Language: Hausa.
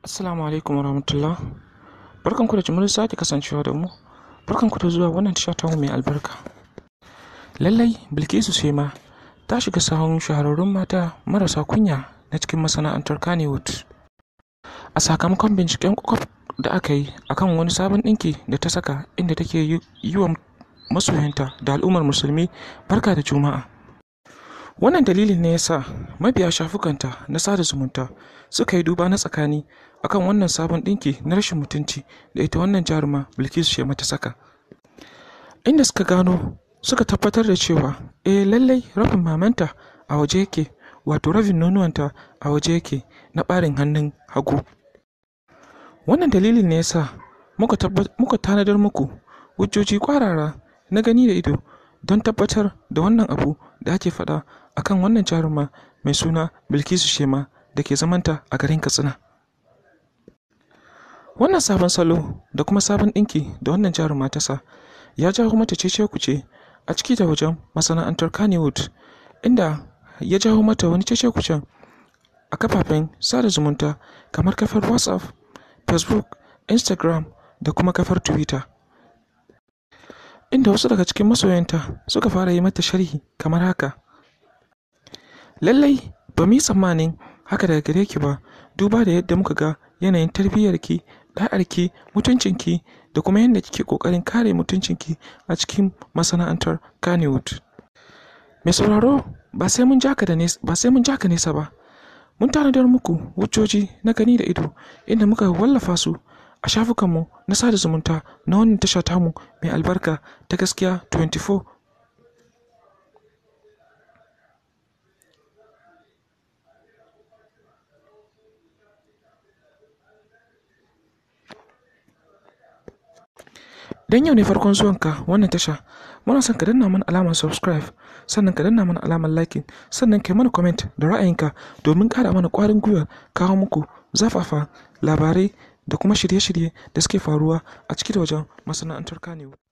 Assalamu alaikum warahmatullah. Barkan ku da jimurin sake kasancewa da mu. Barkan ku da zuwa wannan tasha ta mai albarka. Lallai Bilkisu Sema ta shiga sahun shahararrun mata marasa kunya na cikin masana'antar kanewood A sakamakon binciken kwakwaf da aka yi akan wani sabon ɗinki da ta saka inda take yi wa masoyanta da al'ummar musulmi barka da juma'a. wannan dalilin ne yasa mabiya shafukanta na sada zumunta suka yi duba na tsakani akan wannan sabon dinki na rashin mutunci da ita wannan jaruma bilkisu shema mata saka inda suka gano suka tabbatar da cewa eh lallai rabin mamanta a waje yake wato rabin nonuwanta a waje yake na barin hannun hagu wannan dalilin ne yasa muka muka tanadar muku hujjoji kwarara na gani da ido don tabbatar da wannan abu da ake faɗa akan wannan jaruma mai suna Bilkisu Shema da ke zamanta a garin Katsina. Wannan sabon salo da kuma sabon ɗinki da wannan jaruma ta sa ya jawo mata cece kuce a ciki da wajen masana'antar Kannywood inda ya jawo mata wani cece kucen a kafafen sada zumunta kamar kafar WhatsApp, Facebook, Instagram da kuma kafar Twitter. Inda wasu daga cikin masoyanta suka fara yi mata sharhi kamar haka. Lallai ba mu yi tsammanin haka daga gare ki ba, duba da yadda muka ga yanayin tarbiyyarki, ɗa'arki, mutuncinki da kuma yadda kike ƙoƙarin kare mutuncinki a cikin masana'antar kanewood. Mai sauraro ba sai mun ja nesa ba. Mun tanadar muku hujjoji na gani da ido inda muka wallafa su a shafukanmu na sada zumunta na wannan tasha tamu mai albarka ta gaskiya 24 Don yau ne farkon zuwanka wannan tasha, muna son ka danna mana alamar subscribe, sannan ka danna mana alamar liking, sannan ka yi mana comment da ra'ayinka domin kara mana kwarin gwiwa kawo muku zafafa labarai da kuma shirye-shirye da suke faruwa a ciki da wajen masana'antar kanewa